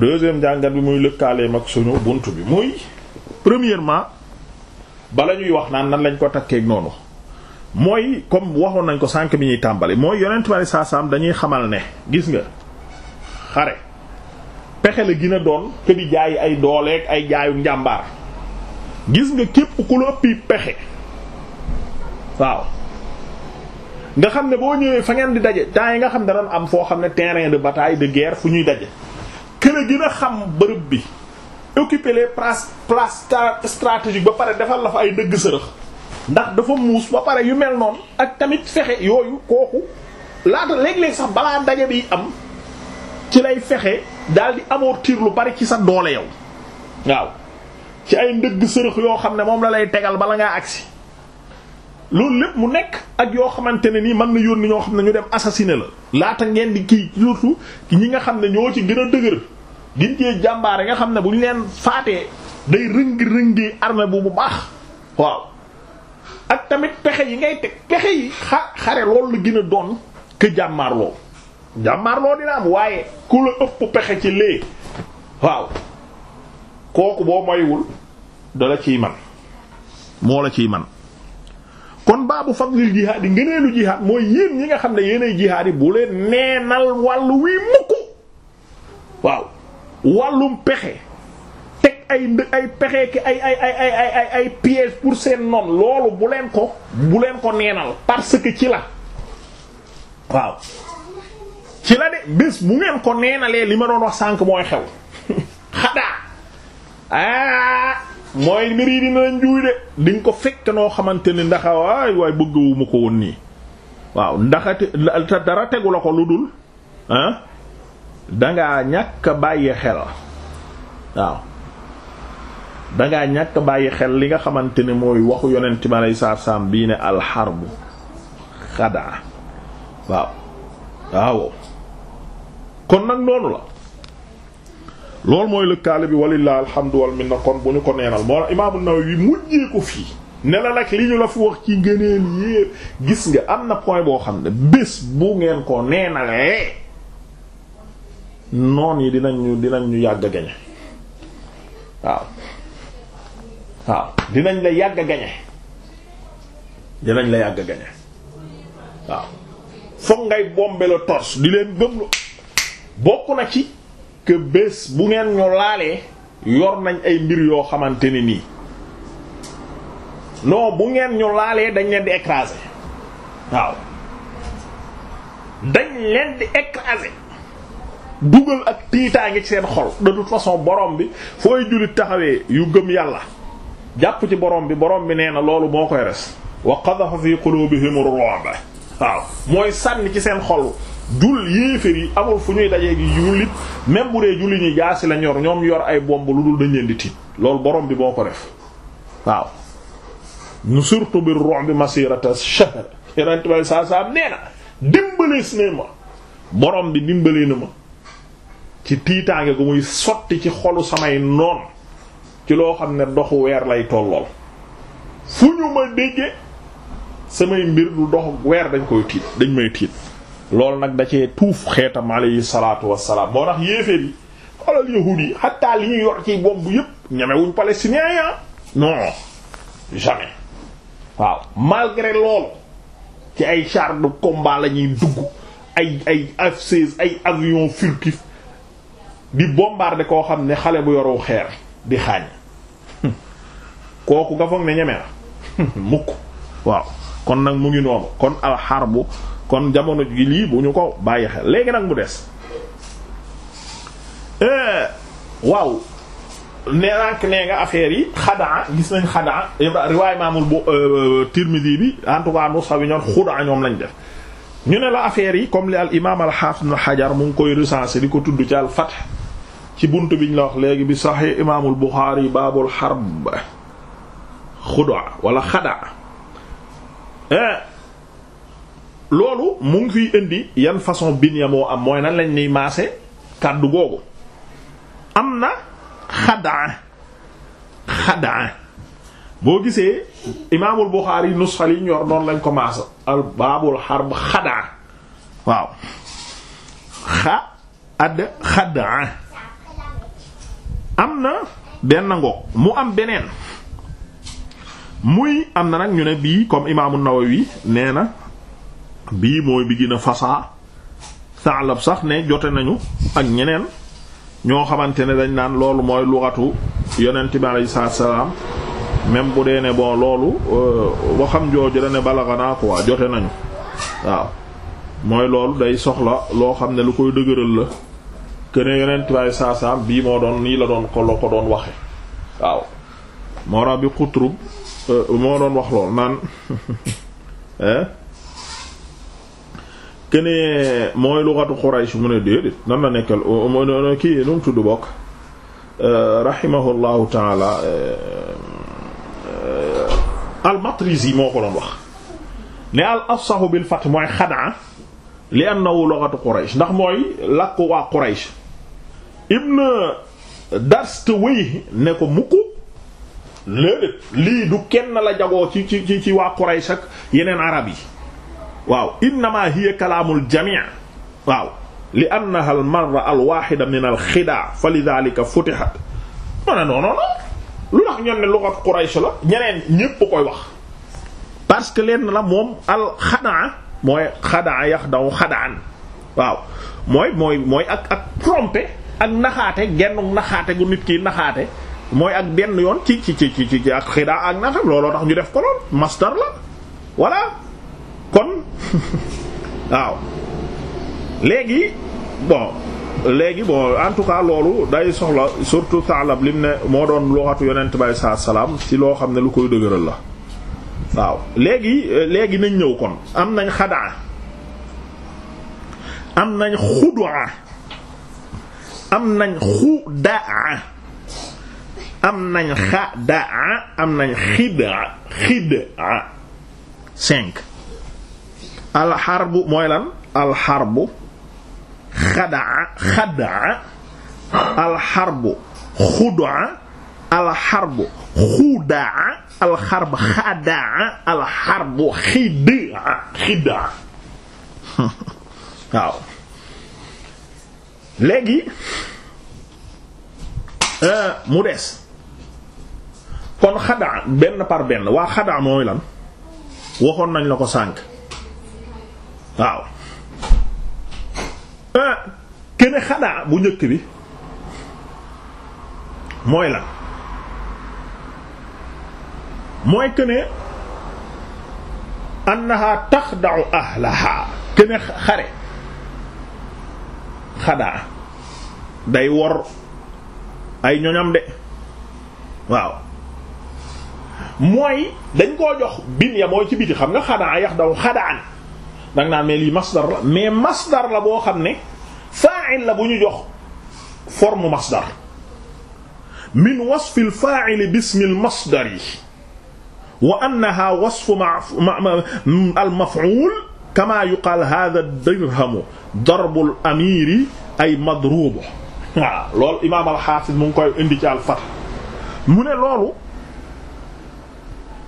deuxième jàngat bi muy lëkkaaleem ak suñu bunt bi muy premièrement bala ñuy wax naan nan lañ ko takkee noonu mooy comme waxoon nañ ko sànq bi ñuy tàmbali mooy yonent bari saa saam dañuy xamal ne gis nga xare pexe la gën a doon ke di jaay ay dooleeg ay jaayu njàmbaar gis nga képp ku la pexe waaw nga xam ne boo ñëwee fa ngeen di daje temps yi nga xam ne daan am foo xam ne terrain de bataille de guerre fu ñuy daje kële gën a xam bërëb bi occuper les places places stratégiques ba pare defal la fa ay dëgg sërëx ndax dafa muus ba pare yu mel noonu ak tamit fexe yooyu kooku laata léeg-léeg sax balaa daje bi am ci lay fexe daal di amortir lu bari ci sa doole yow waaw ci ay ndëgg sërëx yoo xam ne moom la lay tegal bala ngaa agsi loolu lépp mu nekk ak yoo xamante ne nii mën na yónni ñoo xam ne ñu dem assassiné la laata ngeen di kii surtout ñi nga xam ne ñoo ci gën a dëgër gin jee jàmbaare nga xam ne bu ñu leen faatee day rëngi-rëngi armée bu bu baax waaw ak tamit pexe yi ngay teg pexe yi xa xare loolu la gën a doon que jàmmaarloo jàmmaarloo dina am waaye ku la ëpp pexe ci lee waaw kooku boo moywul da la ciy man moo la ciy man kon baabu fadlil jihaad yi lu jihaad mooy yéen ñi nga xam ne yéenay jihaad yi bu leen neenal wàllu wii mukk waaw wàllum pexe teg ay ay pexe ki ay ay ay ay ay pour seen noon loolu bu leen ko bu leen ko neenal parce que ci la waaw ci la de bés bu ngeen ko neenalee li ma doon wax sànk mooy xew xadaa ah, mooy mbir yi dina njuuy de di nga ko fekk noo xamante ni ndaxa waay waay bëggawuma ko woon nii waaw ndaxate dara tegu la ko lu dul ah dangaa ñàkk a bàyyi xel waaw dangaa ñàkk bàyyi xel li nga xamante ne mooy waxu yonent ma lay saar saam bii ne alxarbu xadaa waaw waaw kon nag noonu la loolu mooy lëkkaale bi walilah alhamdu mi minna kon bu ñu ko neenal moo la imaamu Nawawi mujjee ko fii ne la nag li ñu la fi wax ci ngëneel yépp gis nga am na point boo xam ne bés bu ngeen ko neenalee noon yi dinañ ñu ñu yàgg a gañe waaw waaw dinañ la yàgg a gañe dinañ la yàgg a gañe waaw foog ngay bombe le torse di leen gëm lu bokk na ci que bés bu ngeen ñu laalee yor nañ ay mbir yoo xamante ne nii non bu ngeen ñu laalee dañ leen di écraser waaw dañ leen di écraser dugal ak tiitaange ci seen xol de toute façon borom bi fooy jullit taxawee yu gëm yàlla jàpp ci borom bi borom bi nee na loolu moo koy res wa qadhafa fi qulubihim ar-ru'ba waaw mooy sànni ci seen xol jul yéeféer yi amul fu ñuy dajee gi jullit même bu dee julli ñi jaasi la ñor ñoom yor ay bomb lu dul dañ di tiit lool boroom bi boo ko def waaw ñu surtout bi ru'b bi masirata shahr saa-saam nee na dimbalees ma borom bi dimbalee na ma ci tiitaange gu muy sotti ci xolu samay noon ci loo xam ne doxu weer lay tollool fu ñu ma dégge samay mbir du dox weer dañ koy tiit dañ may tiit loolu nag da cee tuuf xeetam alayhi salaatu wassalaam moo tax yéeféer yi xataa li ñu yor ci bomb yëpp ñemewuñ palestinien ya ah. non jamais waaw malgré loolu ci ay char de combat la ñuy dugg ay ay F-16 ay avion furtif di bombarder koo xam ni xale bu yoru xeer di xaañ kooku nga foog ne ñeme na mukk waaw kon nag mu ngi noonu kon alxarbu kon jamono ji lii bu ñu ko bàyyi xel léegi nag mu des eh, waaw nee nak nee nga affaire yi xadaa gis nañ xadaa riwaay maamul bu euh, Tirmidhi bi en tout cas nusa wi ñoom xudaa ñoom lañ def ñu ne la affaire yi comme li al imaam al xaafid na xajar mu ngi koy recensé di ko tudd ci al fath ci bunt biñ la wax léegi bi saxee imaamul Buxaari baabul xarb xudaa wala xadaa eh, loolu mu ngi fiy indi yan façon bin ya moo am mooy nan lañ niy maase kàddu googu am na xadaa xadaa boo gisee imaamul Buxaari nusxa yi ñor noonu lañ ko maase al baabul xarb xadaa waaw xa ad xadaa am na benn ngoog mu am beneen muy am na nag ñu ne bii comme imaamu Nawawi nee na bii mooy bi gën a fasaa saalab sax ne jote nañu ak ñeneen ñoo xamante ne dañ naan loolu mooy luxatu yonent bi alayhi salaatu même bu dee ne bon loolu euh, waxam jooju da ne balaxanaa quoi jote nañu waaw mooy loolu day soxla loo xam ne lu koy dëgëral la que ne yonent bii moo doon nii la doon ko la ko doon waxe waaw moo rabi xutrub euh, moo doon wax lool naan kene mooy lughatu Quraysh mu ne déedéet nan la nekkal kii nu mu tudd bokk euh, rahimahullahu taala euh, euh, al-Matrizi moo ko doon wax ne al-afsahu bil fath mooy xadaa li annahu lughatu Quraysh ndax mooy làkku waa Quraysh ibn Darstawayh ne ko mukk léedéet lii du kenn la jagoo ci ci ci waa Quraysh ak yeneen arab yi waaw innama hiya kalaamul jamii waaw li annaha al marra al waxida min al xidaa fa lidalika futihat ma ne noonoon lu tax ñoom ne lugat Quraysh la ñeneen ñépp koy wax parce que lenn la moom al xadaa mooy xadaa yax daw xadaan waaw mooy mooy mooy ak ak tromper ak naxaate gennu naxaate gu nit ki naxaate mooy ak benn yoon ci ci ci ci ak xidaa ak naxam looloo tax ñu def ko lool masdar la voilà waaw léegi bon léegi bon en tout cas loolu day soxla surtout taalab lim ne moo doon luxatu yonent bay sa salaam ci loo xam ne lu koy dëgëral la waaw léegi léegi nañ ñëw kon am nañ xadaa am nañ am nañ xudaa am nañ xadaa am nañ xidaa cinq alxarbu mooy lan alxarbu xadaa xadaa alxarbu xudaa alxarbu xudaa alxarbu xadaa alxarbu xidaa xidaa waaw léegi euh, mu des kon xadaa benn par benn waa xadaa mooy lan waxoon nañ la ko sànq waaw kene euh, xadaa bu njëkk bi mooy lan mooy kene annaha taxda'u ahlaha kene xare xadaa day wor ay ñoñam de waaw mooy dañ koo jox bin ya mooy ci biti xam nga xadaa yax daw xadaan danga naan mais lii masdar la mais masdar la boo xam ne fa'il la bu ñu jox forme masdar min wasfi al fa'il bismi al masdar yi wa annaha wasfu al maf'ul kama yuqaal hadha dirhamu darbul amiri ay madrubu waaw loolu imaam al-Hafiz mu ngi koy indi ci al-Fath mu ne loolu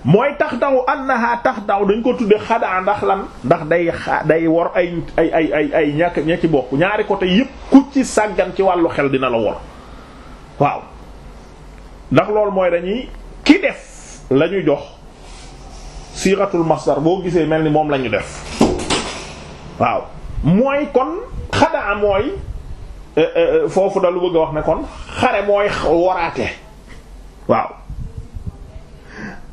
mooy tax daw annaha tax daw dañ ko tuddee xadaa ndax lan ndax day day wor ay ay ay ay ay ñàkk ci bokk ñaari côté yépp ku ci sàggan ci wàllu xel dina la wor waaw ndax loolu mooy dañuy ki def la ñu jox siratul masdar boo gisee mel ni moom la ñu def waaw mooy kon xadaa mooy eh, eh, foofu da lu bëgg a wax ne kon xare mooy waraate waaw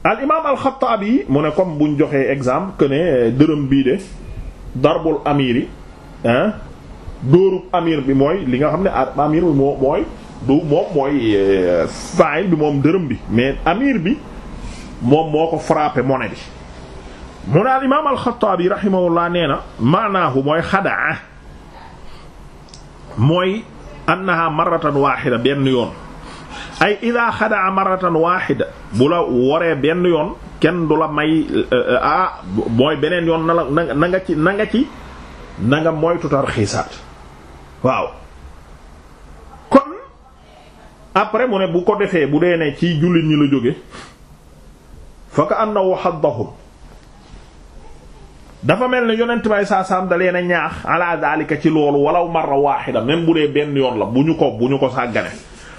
al imaam alxataabi mu ne comme buñ joxee exemple que ne euh, bii de darbul amir yi ah amir bi mooy li nga xam ne amir bi moo mooy moom mooy euh, faay bi moom dërëm bi mais amir bi moom moo ko frappé monnaie bi mu al imaam alxataabi rahimahullah nee na maanaahu mooy xadaa mooy annaha marratan waaxida benn yoon ay ida xadaa marratan waaxida bu la waree benn yoon kenn du la may euh, euh, ah mooy beneen yoon na la nga ci na nga ci na moytu tarxiisaat waaw kon après mu ne bu ko defee bu dee ne ci jullit ñi la jóge fa ka annahu haddahum dafa mel ni yonent bay saa saam da leen ñaax ala daalika ci loolu walaw marra waaxida même bu dee benn yoon la bu ñu ko bu ñu ko sàggane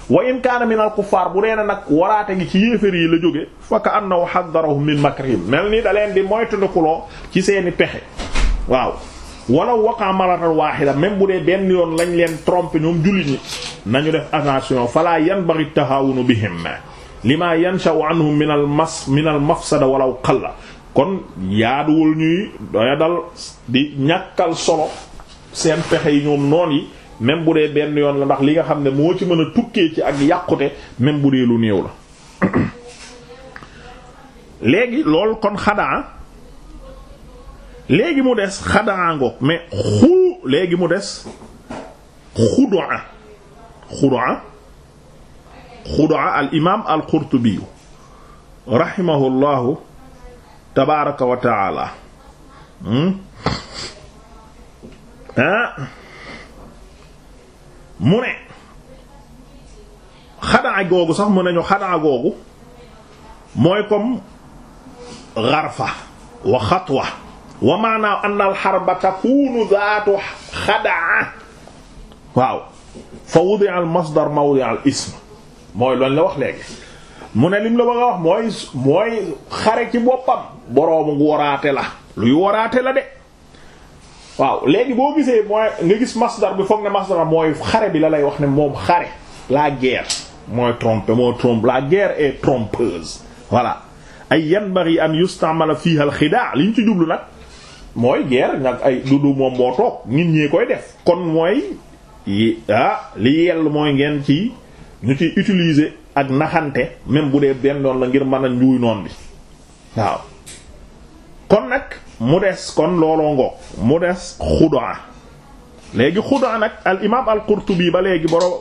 wa in kaana min al kuffaar bu dee na nag waraate ngi ci yéefér yi la jóge fa ka annahu haddarahum min makrihim mel ni da leen di moytandikuloo ci seeni pexe waaw walaw waqa maratan wahida même bu dee benn yoon lañ leen tromper ñoom jullit ñi nañu def attention fala yanbaghi tahawunu bihim lima yansha'u anhum min al mas min al mafsada walaw qalla kon yaaduwul ñuy doya dal di ñàkkal solo seen pexe yi ñoom noon yi même bu dee benn yoon la ndax li nga xam ne moo ci mën a tukkee ci ak yàqute même bu lu néew la léegi loolu kon xadaa léegi mu des xadaa ngoog mais xu léegi mu des xudaa xudaa xudaa al imaam al qurtubi rahimahullahu tabaaraka wa taala hmm? ah mu ne xadaa googu sax mu nañu xadaa googu mooy kom xarfa wa xatwa wa maanaa anna al xarba takunu daatu xadaa waaw fa wudi'a al masdar mawdi'a al ism mooy loolu la wax léegi mu ne lim la bëgg a wax mooy xare ci boppam boroomu waraate la luy waraate la de waaw léegi boo gisee mooy nga gis masdar bi foog ne masdar mooy xare bi la lay wax ne moom xare laa guerre mooy trompe moo trompe la guerre est trompeuse voilà ay yan bari an yustamala fiha al xidaa li ñu ci jublu nag mooy ger nag ay dudu moom moo toog nit ñi koy def kon mooy ah li yell mooy ngeen ci ñu ci utiliser ak naxante même bu dee benn doon la ngir mën a njuuy noon bi waaw kon nag mu des kon looloo mu des xudaa léegi xudaa nag al imaam al qurtubi ba léegi borom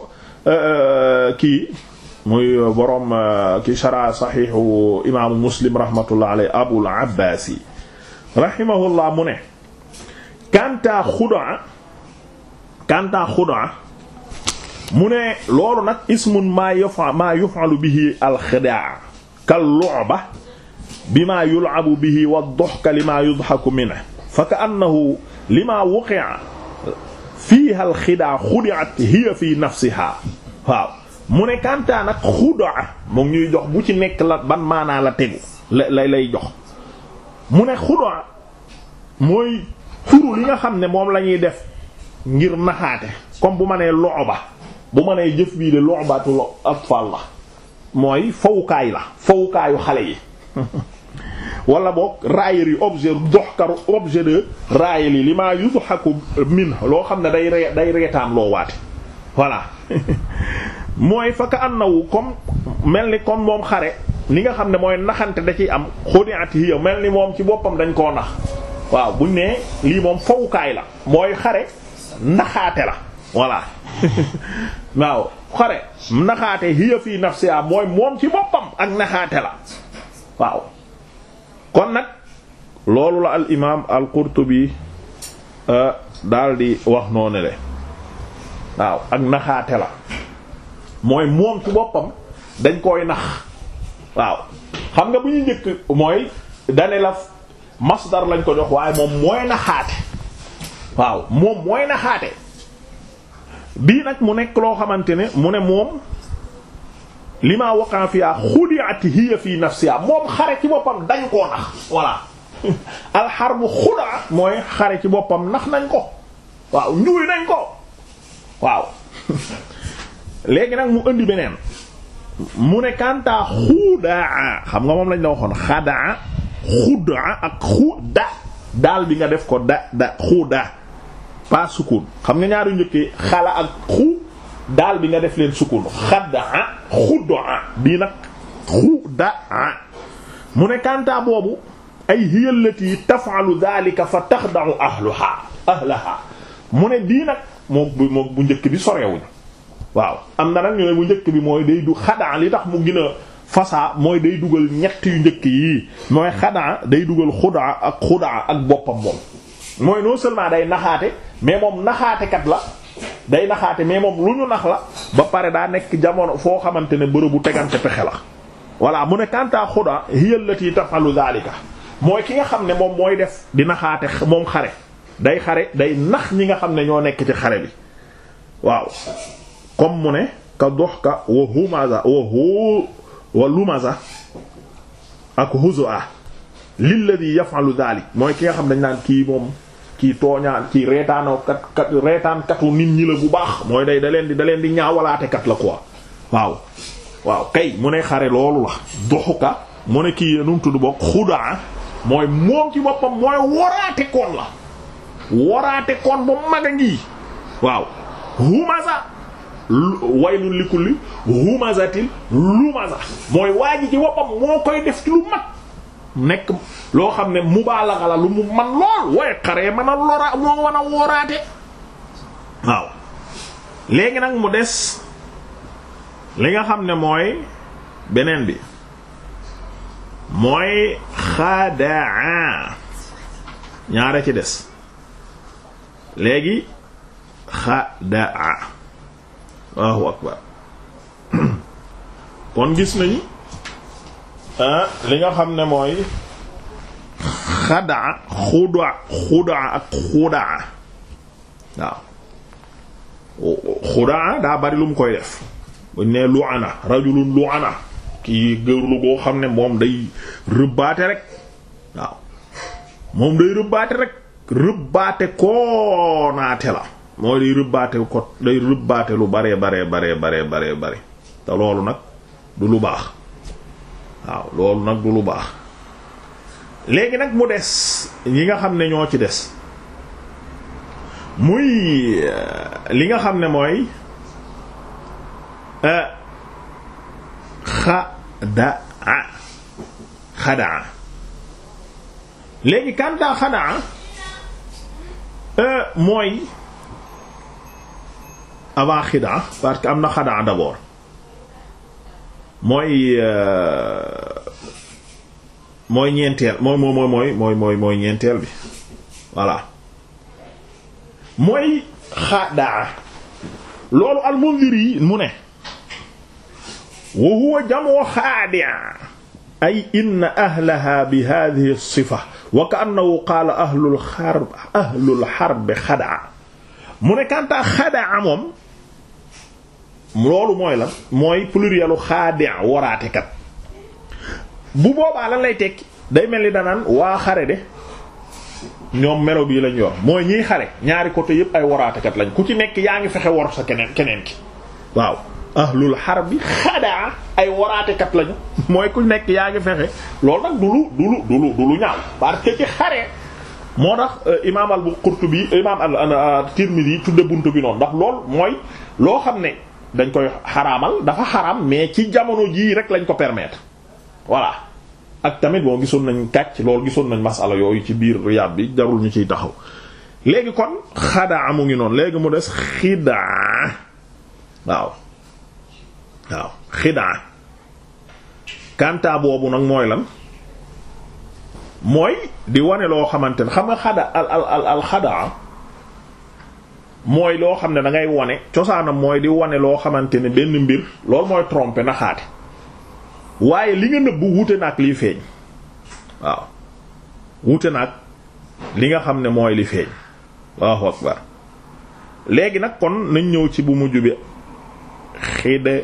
euh, euh, kii muy borom euh, ki shara saxiixu imaamu muslim rahmatullah aley abul abbaas yi rahimahullah mu ne kantaa xudaa kantaa xudaa mu ne loolu nag ismun maa yufa maa yufalu bihi al kal lu'ba bima yul'abu bihi wa ad-dhahka lima yudhaku minhu fa ka'annahu lima wuqi'a fiha al-khidaa khudi'at hiya fi nafsiha waaw mu ne kantaa nag xudaa mu ngi jox bu ci nekk la ban maanaa la tegu lay lay jox mu ne xudaa mooy xuru li nga xam ne moom lañuy def ngir naxaate comme bu ma nee loxoba bu ma nee jëf bii de loxobaatu atfal la mooy fawukaay la fawukaayu xale yi wala boog raayal yi objet doxkaru objet de raayal yi li maa yudhaku min loo xam ne day day reetaan loo waate voilà mooy fa ka annawu comme mel ni comme moom xare li nga xam ne mooy naxante da ciy am xudiat hiya mel ni moom ci boppam dañ koo nax waaw bu ne lii moom fowukaay la mooy xare naxaate la voilà waaw xare naxaate hiya fii nafsiha mooy moom ci boppam ak naxaate la waaw kon nag loolu la al imaam al qurtubi euh, daal di wax noonu le waaw ak naxaate la mooy moom ci boppam dañ koy nax waaw xam nga bu ñuy njëkk mooy dane la masdar lañ ko jox waaye moom mooy naxaate waaw moom mooy naxaate bii nag mu nekk loo xamante ne mu ne moom li maa waqan fiyaa xudiat hiya fii nafsiha moom xare ci boppam dañ koo nax voilà alxarbu xudaa mooy xare ci boppam nax nañ ko waaw ñuy nañ ko waaw léegi nag mu indi beneen mu ne kantaa xudaa xam nga moom lañ la waxoon xadaa daal bi nga def ko da da xuda pas sukun xam nga ñaari njëkkee xala ak xu daal bi nga def leen sukun xadaa xudaa bii nag xudaa mu ne kanta boobu ay hiyallati taf'alu dhalika fa taxda'u ahluha ahlaha mu ne bii nag bu mook bu njëkk bi sorewuñ waaw am na nag ñu ne bu njëkk bi mooy day du xadaa li tax mu gën a fasaa mooy day dugal ñett yu njëkk yi mooy xadaa day dugal xudaa ak xudaa ak boppam moom mooy non seulement day naxaate mais moom naxaatekat la day naxaate mais moom lu ñu nax la ba pare daa nekk jamono foo xamante ne bërëbu tegante pexe la voilà mu ne kanta xuda hiyallati tafalu zalika mooy ki nga xam ne moom mooy def di naxaate moom xare day xare day nax ñi nga xam ne ñoo nekk ci xare bi waaw comme mu ne ka doxka wa humaza wa hu wa lumaza ak huzu a lilladi yafalu zalik mooy ki nga xam ne dañ naan kii moom kii tooñaan kii reetaanoo kat kat reetaankatu nit ñi la bu baax mooy day da leen di da leen di ñaawalaate kat la ko waaw waaw kay mu ne xare loolu la doxuka mu ne kii nu mu tudd bokk xudaa ah. mooy moom ci boppam mooy waraate koon la waraate koon ba mag a ngi waaw humaza waylul likulli humazatil lumaza mooy waa ji ci boppam moo koy def ci mag nekk loo xam ne mubaalaxa la lu mu man lool waaye xaree mën a lora moo mën a wooraate waaw léegi nag mu des li nga xam ne mooy beneen bi mooy xadaa ñaare ci des léegi xadaa waaw akbar kon gis nañu Ah, li nga xam ne mooy xadaa xudaa xudaa ak xudaa waaw xudaa daa bari lu mu koy def buñ ne lu'ana rajulun lu'ana kii gërlu goo xam ne moom day rëbbaate rek moom day rëbbaate rek rëbbaate koonaate la mooy day rëbbaate ko day rëbbaate lu baree baree baree baree baree bare te loolu nag du lu baax waaw loolu nag du lu baax léegi nag mu des yi nga xam ne ñoo ci des muy euh, li nga xam ne mooy euh, xadaa xadaa léegi kantaa xadaa euh, mooy avant xidaa parce que am na xadaa d'abord mooy euh, mooy ñeenteel mooy mooy mooy mooy mooy mooy ñeenteel bi voilà mooy xadaa loolu al-Mundhiri yi mu ne wa huwa jamoo xaadia ay inna ahlaha bi hadhihi sifa wa ka'annahu qaala ahlul xarb ahlul xarb xadaa mu ne kantaa xadaa moom loolu mooy la mooy plurielu xaadi waraatekat bu boobaa lan lay tekki day mel ni danaan waa xare de ñoom melo bii lañ yor mooy ñiy xare ñaari côté yëpp ay waraatekat lañ ku ci nekk yaa ngi fexe war sa keneen keneen ki waaw ahlul bi xadaa ay waraatekat lañu mooy ku nekk yaa ngi fexe loolu nag du lu du lu du lu du lu ñaaw parce que ci xare moo tax euh, imaam al Qurtubi imaam al Tirmidhi tudde buntu bi noonu ndax lool mooy loo xam ne dañ koy xaraamal dafa xaraam mais ci jamono jii rek lañ ko permettre voilà ak tamit boo gisoon nañ kàcc loolu gisoon nañ masala yooyu ci biir Riyad bi jarul ñu ciy taxaw léegi kon xadaa mu ngi noonu léegi mu des xidaa waaw waaw xidaa kanta boobu nag mooy lan mooy di wane loo xamante ne xam nga xada al al al xadaa mooy loo xam ne dangay ngay wone cosaanam mooy di wone loo xamante ne benn mbir loolu mooy tromper naxaate waaye li nga nëbbu wuute na ak liy feeñ waaw li nga xam ne mooy li feeñ waaw akbar léegi nag kon nañ ñëw ci bu mujj bi xida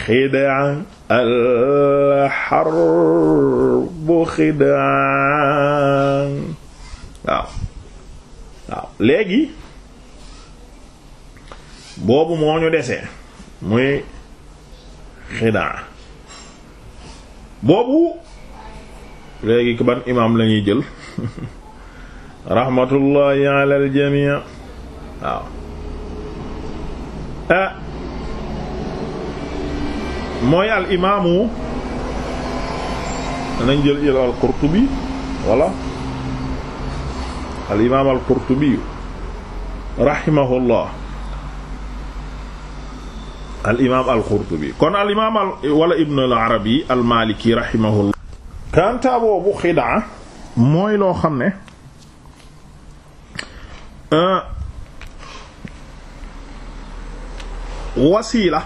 xida alxarbu xida waaw waaw léegi boobu moo ñu desee muy xidaa boobu léegi ban imaam lañuy jël rahmatullahi ala aljamii waaw ah mooy al imaamu jël jël al wala al imaam al al imaam al qurtubi boobu xidaa mooy loo xam ne euh, wasiila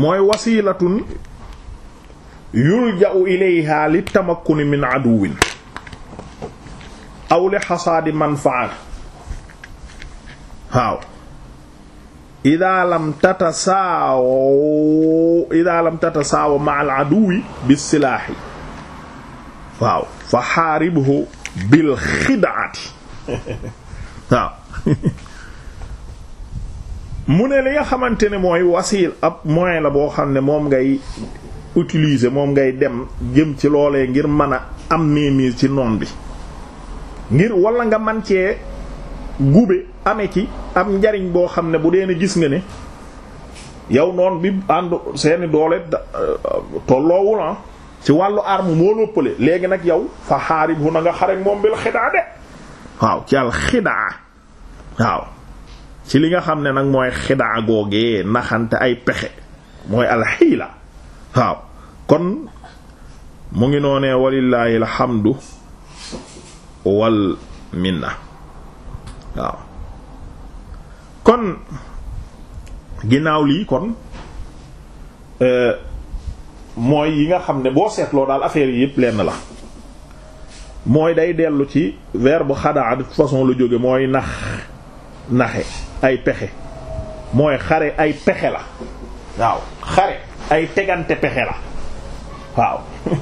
mooy wasiilatun yulja'u ilayha li tamakkuni min aduwin aw li xasaadi manfa'a waaw ida lam tatasaaw ida lam tatasaaw ma al aduwi bi silaahi waaw fa xaaribhu bil xidaati mu ne li nga xamante ne mooy wasil ab moyen la boo xam ne moom ngay utiliser moom ngay dem jëm ci loolee ngir mën a am méeméer ci noon bi ngir walla nga man cee gube amee ci am njariñ boo xam ne bu dee ne gis nga ne yow noon bi ànd seeni doole euh, tolloowul ah ci wàllu arme moo lóppale léegi nag yow fa xaarib hu na nga xarek moom bil xidaa de waaw ci al waaw ci li nga xam ne nag mooy xidaa googee naxante ay pexe mooy alxiila waaw kon mu ngi noonee walillaahi alhamdu wal minna waaw kon ginnaaw lii kon euh, mooy yi nga xam ne boo seetloo daal affaire yi yépp lenn la mooy day dellu ci verbe xadaa de façon la jóge mooy nax naxe ay pexe mooy xare ay pexe la waaw xare ay tegante pexe la waaw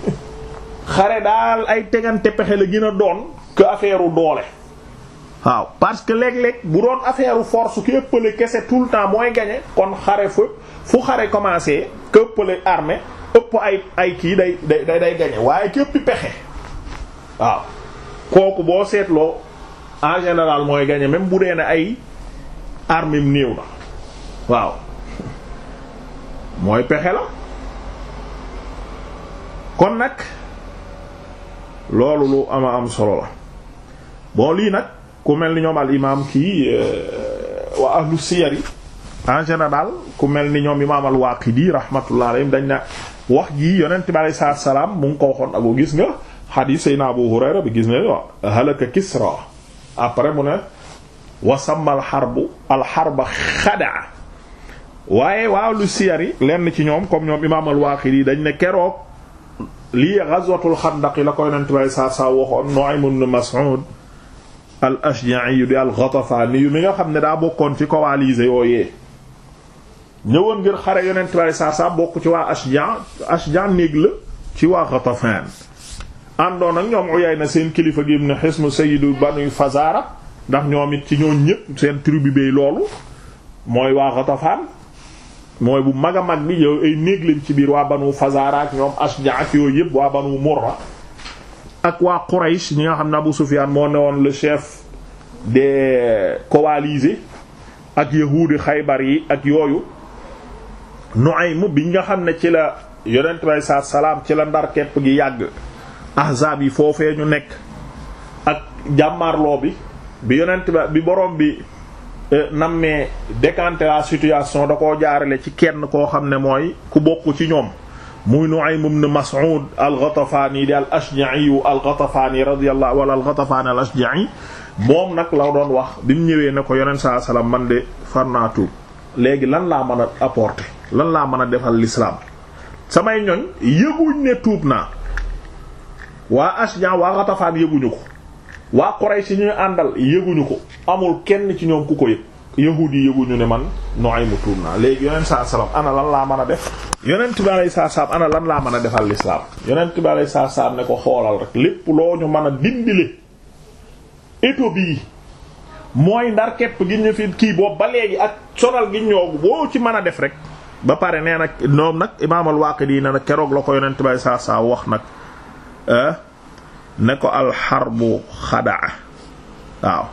xare daal ay tegante pexe la gën a doon que affaire u doole waaw parce que léeg-léeg bu doon affaire force ki ëppale kese tout le temps mooy gagner kon xare fu fu xare commencé ki ëppale armée ëpp ay ay kii day day day waaye ki ëppi pexe waaw kooku boo seetloo en général mooy gagner même bu dee ne ay armée néew na waaw mooy pexe la kon nag loolu lu ama am solo la bon lii nag. ku mel ni ñoom al imaam kii euh, wa ahlu siyari en général ku mel ni ñoom imaam al waaqidi rahmatullah alayhim dañ na wax gi yonent bi alayhi salaam mu ko waxoon ako gis nga xadiis sayna abu hurayra bi gis ne halaka kisra après mu ne wasamma alxarbu alxarba xadaa waaye waaw lu siyari lenn ci ñoom comme ñoom imaam al-Waaqidi dañ ne keroog lii ghazwatul xandaq la koy yonent bi saa saa waxoon Nu'aym al ashja'i yu di al ghatafani yu mi nga xam ne daa bokkoon ci coalisé yooyee ñëwoon ngir xare yonent bari saa saa bokk ci waa ashja ashja néeg la ci waa ghatafan àndoon ak ñoom Uyayna seen kilifa gi ibn Hism sayyidu banu Fazara ndax ñoom it ci ñoom ñëpp seen tribu bi loolu mooy waa Ghatafan mooy bu mag a mag bi yow ay néeg ci biir waa banu Fazara ak ñoom Ashja ak yooyu yëpp waa banu Murra ak waa Quraysh ñi nga xam ne Abu Sufyan moo ne woon le chef des coalisés ak yahuudi Xaybar yi ak yooyu Nuaym bi nga xam ne ci la yonent bi saa salaam ci la ndar gi yàgg ahzaab yi foofee ñu nekk ak jàmmarloo bi bi yonent ba bi borom bi eh, nammee décanter la situation da koo jaarale ci kenn koo xam ne mooy ku bokk ci ñoom muy Nu'aym ibn Mas'ud al-Ghatafani di al-Ashja'i al-Ghatafani radiyallahu wala al-Ghatafani al-Ashja'i moom nag la doon wax bi mu ñëwee ne ko yonent saa salaam man de far naa tuub léegi lan laa mën a apporter lan laa mën a defal l'islam samay ñoñ yëguñ ne tuub naa waa Ashja waa Ghatafaan yëguñu ko waa Quraysh ñuy àndal yëguñu ko amul kenn ci ñoom ku ko yëg yahuud yi yëguñu ne man Nu'aym tuub naa léegi yonent saa salaam ana lan laa mën a def. yonent bi alay saa saam ana lan laa mën a defal lislaam yonent bi alay saa saam ne ko xoolal rek lépp loo ñu mën a dindile éto bii mooy ndar képp gi ñu fi kii boobu ba léegi ak sonal gi ñoogu boo ci mën a def rek ba pare nee nag noom nag imaam al-Waaqidi ne nag keroog la ko yonent bi alay saa saam wax nag eh, ne ko alxarbu xadaa waaw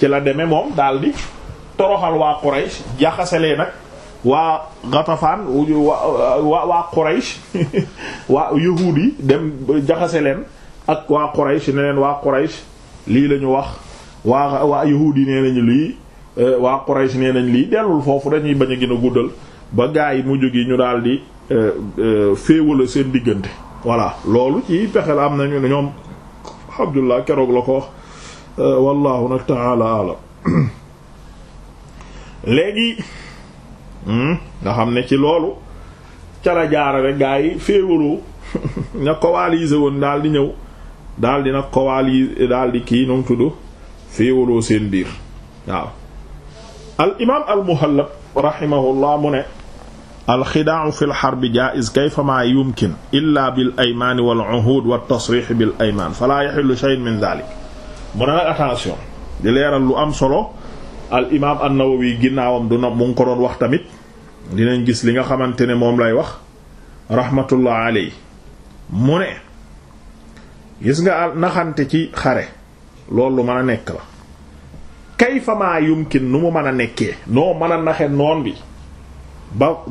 ci la demee moom daldi toroxal waa Quraysh jaxasele nag waa Ghatafan waa waa Quraysh waa yahuud yi dem jaxase leen ak waa Quraysh ne leen waa Quraysh lii lañu wax waa waa yahuud yi nee nañu lii euh, waa Quraysh nee nañ lii dellul foofu dañuy bañ a gën a guddal ba gaa yi mujj gi ñu daal di euh, euh, féewala seen diggante voilà loolu ci pexel am nañu ne ñoom Abdullah keroog la ko wax wallahu nag ta'ala alam léegi Hmm? nga xam ne ci loolu ca la jaarale gaa yi féewaloo ña coalisé woon daal di ñëw daal di nag daal di kii nu mu tudd féewaloo seen biir waaw al imaam al muhallab rahimahullah mu ne alxidaau fi lxarbi jaiz kayfa maa yumkin illa bil aymaani wa tasrix bil di leeral lu am solo al imaam an-Nawawi ginnaawam du na mu ngi ko wax tamit dinañ gis li nga xamante ne moom lay wax rahmatullah aley mu ne gis nga naxante ci xare loolu mën a nekk la kayfa ma yumkin nu mu mën a nekkee noo mën a naxe noon bi ba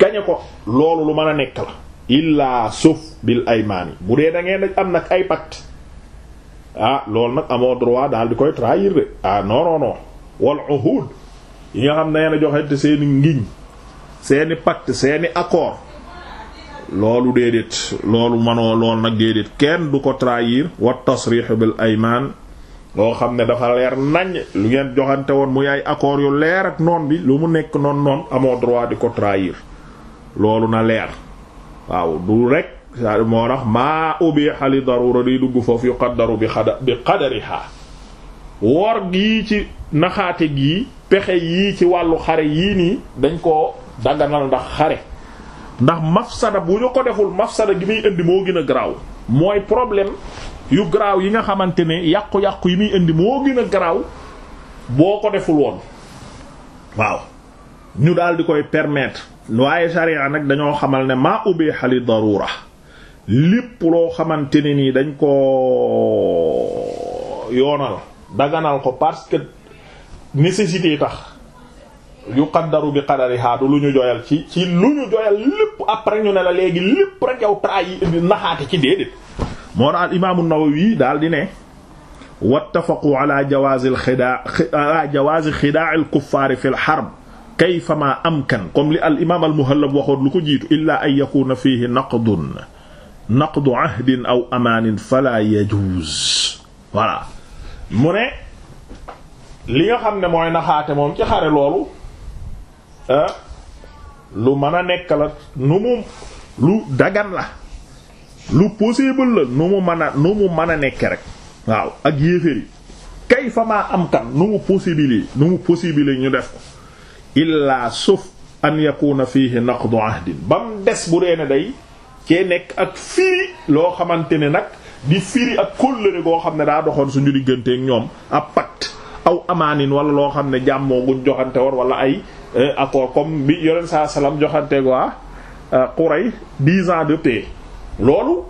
gañe ko loolu lu mën a nekk la illaa suuf bil aymaan bu dee da am nag ay pacte ah loolu nag amoo droit daal di koy trahir de ah wal uhud yi nga xam ne na joxe te seen ngiñ seeni pacte seeni accord loolu déedéet loolu manoo lool nag déedéet kenn du ko trahir wa tasrih bil ayman loo xam ne dafa leer nañ lu ngeen joxante woon muy ay accord yu leer ak noon bi lu mu nekk noon noon amoo droit di ko trahir loolu na leer waaw du rek moo tax maa ubiha li darura di dugg foofu yuqaddaru bi xada bi qadariha wor gii ci naxaate gii pexe yii ci wàllu xare yii nii dañ ko daganal ndax xare ndax mafsada bu ñu ko deful mafsada gi muy indi moo gën a garaaw mooy problème yu garaaw yi nga xamante ne yàqu-yàqu yi muy indi moo gën a garaaw boo ko deful woon waaw ñu daal di koy permettre waaye sharia nag dañoo xamal ne maa ubiha li darura lépp loo xamante ne nii dañ ko yoonal daganal ko parce que nécessité tax yuqaddaru bi qadariha du lu ñu joyal ci ci lu ñu joyal lépp après ñu ne la léegi lépp rek yow trahi naxaate ci déedéet moo na al imaamu Nawawi daal di ne wattafaqu ala jawaazi al xidaa ala jawaazi xidaa al kuffaar fi al harb kayfama amkan comme li al imaam al Muhallab waxoon lu ko jiitu illaa an yakuna fiihi naqdun naqdu ahdin aw amaanin fala yajuuz voilà mu ne li nga xam ne mooy naxaate moom ci xare loolu Euh, lu mën a nekk la nu mu lu dagan la lu possible la nu mu mën a nu mu mën a nekk rek waaw ak yéeféer yi kay fa maa am kan nu mu possible nu mu possible ñu def ko illaa sauf an yakuna fihi naqdu ahdin bam des bu dee ne day cee nekk ak firi loo xamante ne nag di firi ak kóllëre goo xam ne daa doxoon suñu digganteek ñoom ab pat aw amaanin wala loo xam ne jàmmoo guñ joxante war wala ay Euh, accord comme bi yonent saa salaam joxanteeg waa ah, euh, Quraysh dix ans de paix loolu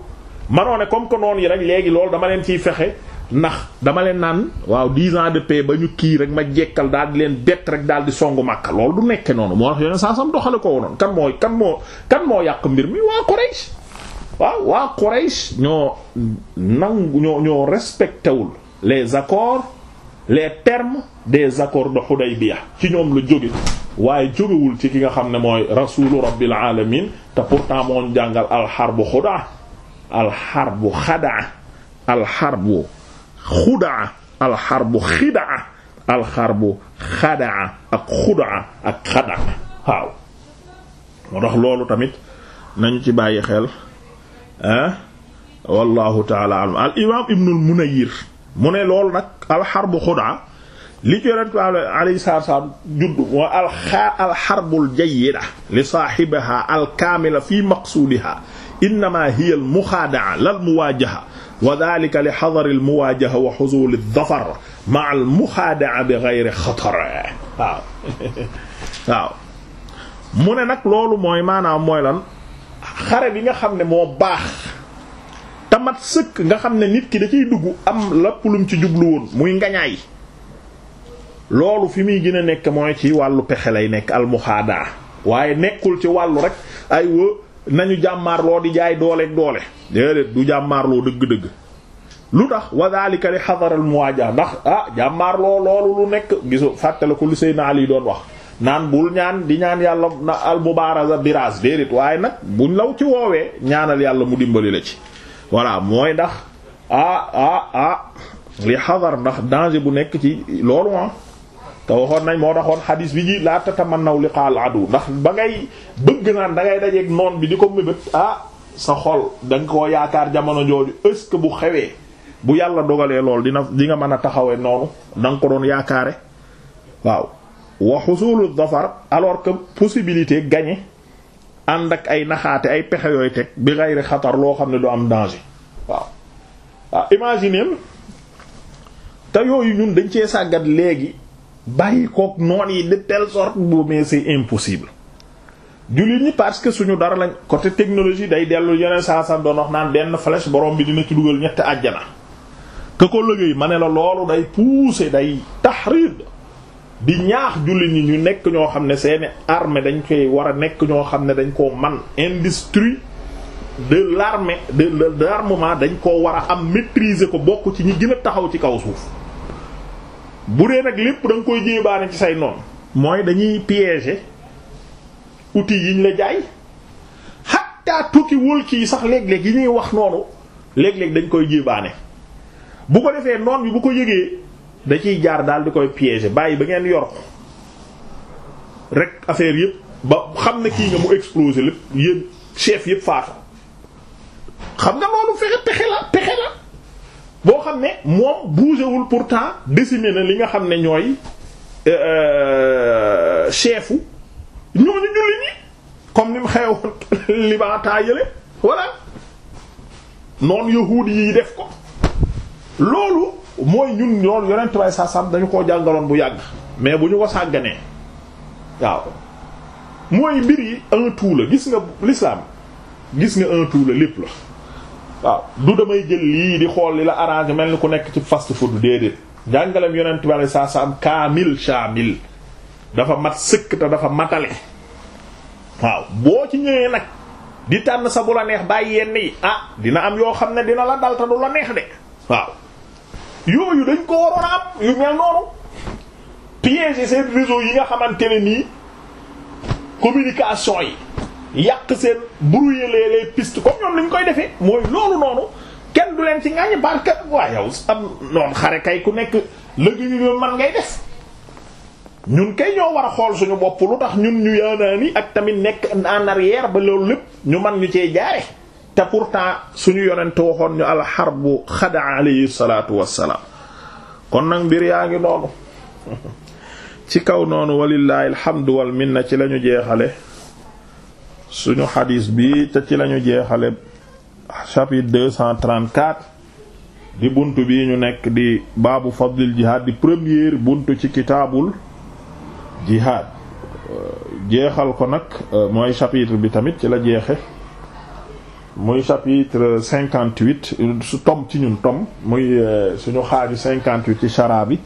manoo ne comme que noonu yi rek léegi loolu dama leen ciy fexe ndax dama leen naan waaw dix ans de paix ba ñu kii rek ma jekkal daal di leen bett rek daal di songu Makka loolu du nekke noonu moo tax yonent saa salaam doxale ko wonoon kan mooy kan moo kan moo yàq mbir mi waa Quraysh waaw waa Quraysh ñoo nangu ñoo ñoo respecté wul les accords les terme de accords de Hudaybiya ci ñoom la jóge waaye jógewul ci ki nga xam ne mooy rasulu rabbil alamin te pourtant moo jàngal alxarbu xudaa alxarbu xadaa alxarbu xudaa alxarbu xidaa alxarbu xadaa ak xudaa ak xadaa waaw moo tax loolu tamit nañu ci bàyyi xel ah wallahu taala alam al imam ibnul munayir mu ne loolu nag alxarbu xudaa li ci yonent bi alayhi salaatu salaam judd mooy alxaa alxarbul jayyida li saaxibiha alkaamila fi maqsuudiha innama hiya almuxaadaa lal muwaajaha wa daalika li xadaril muwaajaha wa xuzuulid dafar ma'a almuxaadaa bi gayri xatar waaw waaw mu ne nag loolu mooy maanaam mooy lan xare bi nga xam ne moo baax. te mat sëkk nga xam ne nit ki da ciy dugg am lépp lum ci jublu woon muy ngañaay loolu fi muy gën a nekk mooy ci wàllu pexe lay nekk almuxaadaa waaye nekkul ci wàllu rek ay wa nañu jàmmaarloo di jaay dooleeg doole déedéet du jàmmaarloo dëgg-dëgg lu tax wa dhalika li xadaral muwaaja ndax a ah, jàmmaarloo loolu lu nekk gisu fàttale ko lu Seydina Ali doon wax naan bul ñaan di ñaan yàlla na al mubaaraza biraas déedéet waaye nag buñ law ci woowee ñaanal yàlla mu dimbali la ci voilà mooy ndax ah ah ah li xadar ndax danger bu nekk ci loolu ah te waxoon nañ moo taxoon xadiis bi ji laa tatamannaw liqa al adu ndax ba ngay bëgg naan da ngay noon bi di ko mébét ah sa xol da ko yaakaar jamono jooju est-ce que bu xewee bu yàlla dogalee lool dina di nga mën a taxawee noonu da ko doon yaakaare waaw wa husulul dafar alors que possibilité gagner ànd ak ay naxaate ay pexe yooyu teg bi xayri xatar loo xam ne du am danger waaw waaw imaginem te yooyu ñun dañ cee sàggat léegi bàyyi kook noon yi de telle sorte bu mais c'est impossible jullit ñi parce que suñu dara lañ côté technologie day dellu yeneen saa doon wax naan benn flèche borom bi dina ci dugal ñetti àjjana. te ko liggéey ma ne la loolu day pousser day tahrid bi ñaax jullit ñi ñu nekk ñoo xam ne seeni arme dañ koy war a nekk ñoo xam ne dañ koo man industrie de l'armée de l'armement dañ koo war a am maîtriser ko bokk ci ñi gën taxaw ci kaw suuf bu dee nag lépp dañ nga koy jéebaane ci say noon mooy dañuy piéger outils yiñ la jaay hatta tukki wól kii sax léeg-léeg yi ñuy wax noonu léeg-léeg dañ koy jéebaane bu ko defee noon bi bu ko yëgee da ciy jaar daal di koy piéger bàyyi ba ngeen yor rek affaire yëpp ba xam ne kii nga mu exploser lépp yéen chef yëpp faatu xam nga loolu fexe pexe la pexe la boo xam ne moom bougéwul pourtant décimer na li nga xam ne ñooy euh, euh, chefu ñooñu julli ñi comme ni mu xewoon libantaa yële voilà noonu yahuud yi def ko loolu mooy ñun loolu yonent bay sasam dañu koo jàngaloon bu yàgg mais bu ñu ko sàgganee waaw mooy mbir yi un tout la gis nga l'islam gis nga un tout la lépp la waaw du damay jël lii di xool li la arrangé mel ni ku nekk ci fast food déedéet jàngalem yonent bale saa sa am kaamil shamil dafa mat sëkk te dafa matale waaw boo ci ñëwee nag di tànn sa bu la neex bàyyi yenn yi ah dina am yoo xam ne dina la dalta te du la neex de waaw yooyu dañ ko waroon a am yu mel noonu piéger seen réseau yi nga xamante ne nii communication yi yàq seen brouiller les pistes comme ñoom lañ koy defee mooy loolu noonu kenn du leen ci ngaañi barke waa yow am noon xare kay ku nekk lëgëyu ñu man ngay def ñun kay ñoo war a xool suñu bopp lu tax ñun ñu yaanaani ak tamit nekk en arrière ba loolu lépp ñu man ñu cee jaare te pourtant suñu yonent waxoon ñu alxarbu xada alayhi salaatu wassalaam kon nag mbir yaa ngi noonu ci kaw noonu walillahi alhamdu wal minna ci lañu jeexale suñu xadiis bi te ci lañu jeexale chapitre 234 di bunt bi ñu nekk di baabu fadlil jihad di première buntu ci kitaabul jihad jeexal ko nag euh, mooy chapitre bi tamit ci la jeexe muy chapitre cinquante-huit tom ci ñun tom muy euh, suñu xaaju cinquante-huit ci chara bi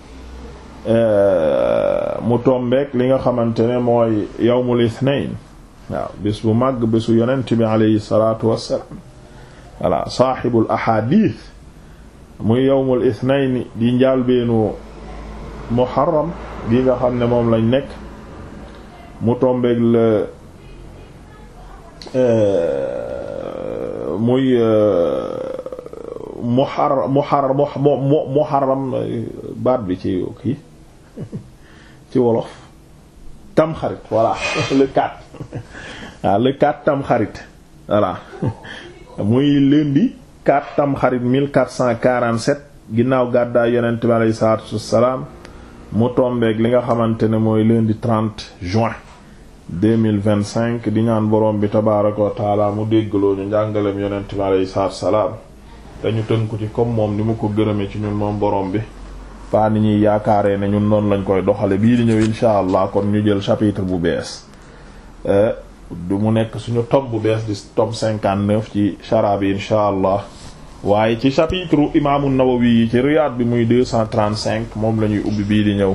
euh, mu tombeek li nga xamante ne mooy yawmul ithnain waaw bés bu màgg bésu yonent bi alayhi salatu wassalaam voilà saaxibul ahadith muy yawmul ithnain di njàlbeenu muharram gi nga xam ne moom lañ nekk mu tombeek la muy muxar muxar muxaram baat bi ci kii ci wolof tamxarit voilà le 4 waaw ah, le 4 tamxarit voilà muy lundi 4 tamxarit 1447 ginnaaw gàddaay yonent bi aleyhi salaatu salaam mu tombeek li nga xamante ne mooy lundi 30 juin 2025 di ñaan borom bi tabaaraka wa taala mu déggloo ñu njàngaleem yonent bi alayhi salaatu salaam te ñu tënku ci comme moom ni mu ko gërëmee ci ñun moom borom bi paa ni ñuy yaakaaree ne ñun noonu lañ koy doxale bii di ñëw insha allah kon ñu jël chapitre bu bees eh, du mu nekk suñu tome bu bees di tome 59 ci chara yi insha allah waaye ci chapitre imaamu Nawawi yi ci Riyad bi muy 235 moom la ñuy ubbi bii di ñëw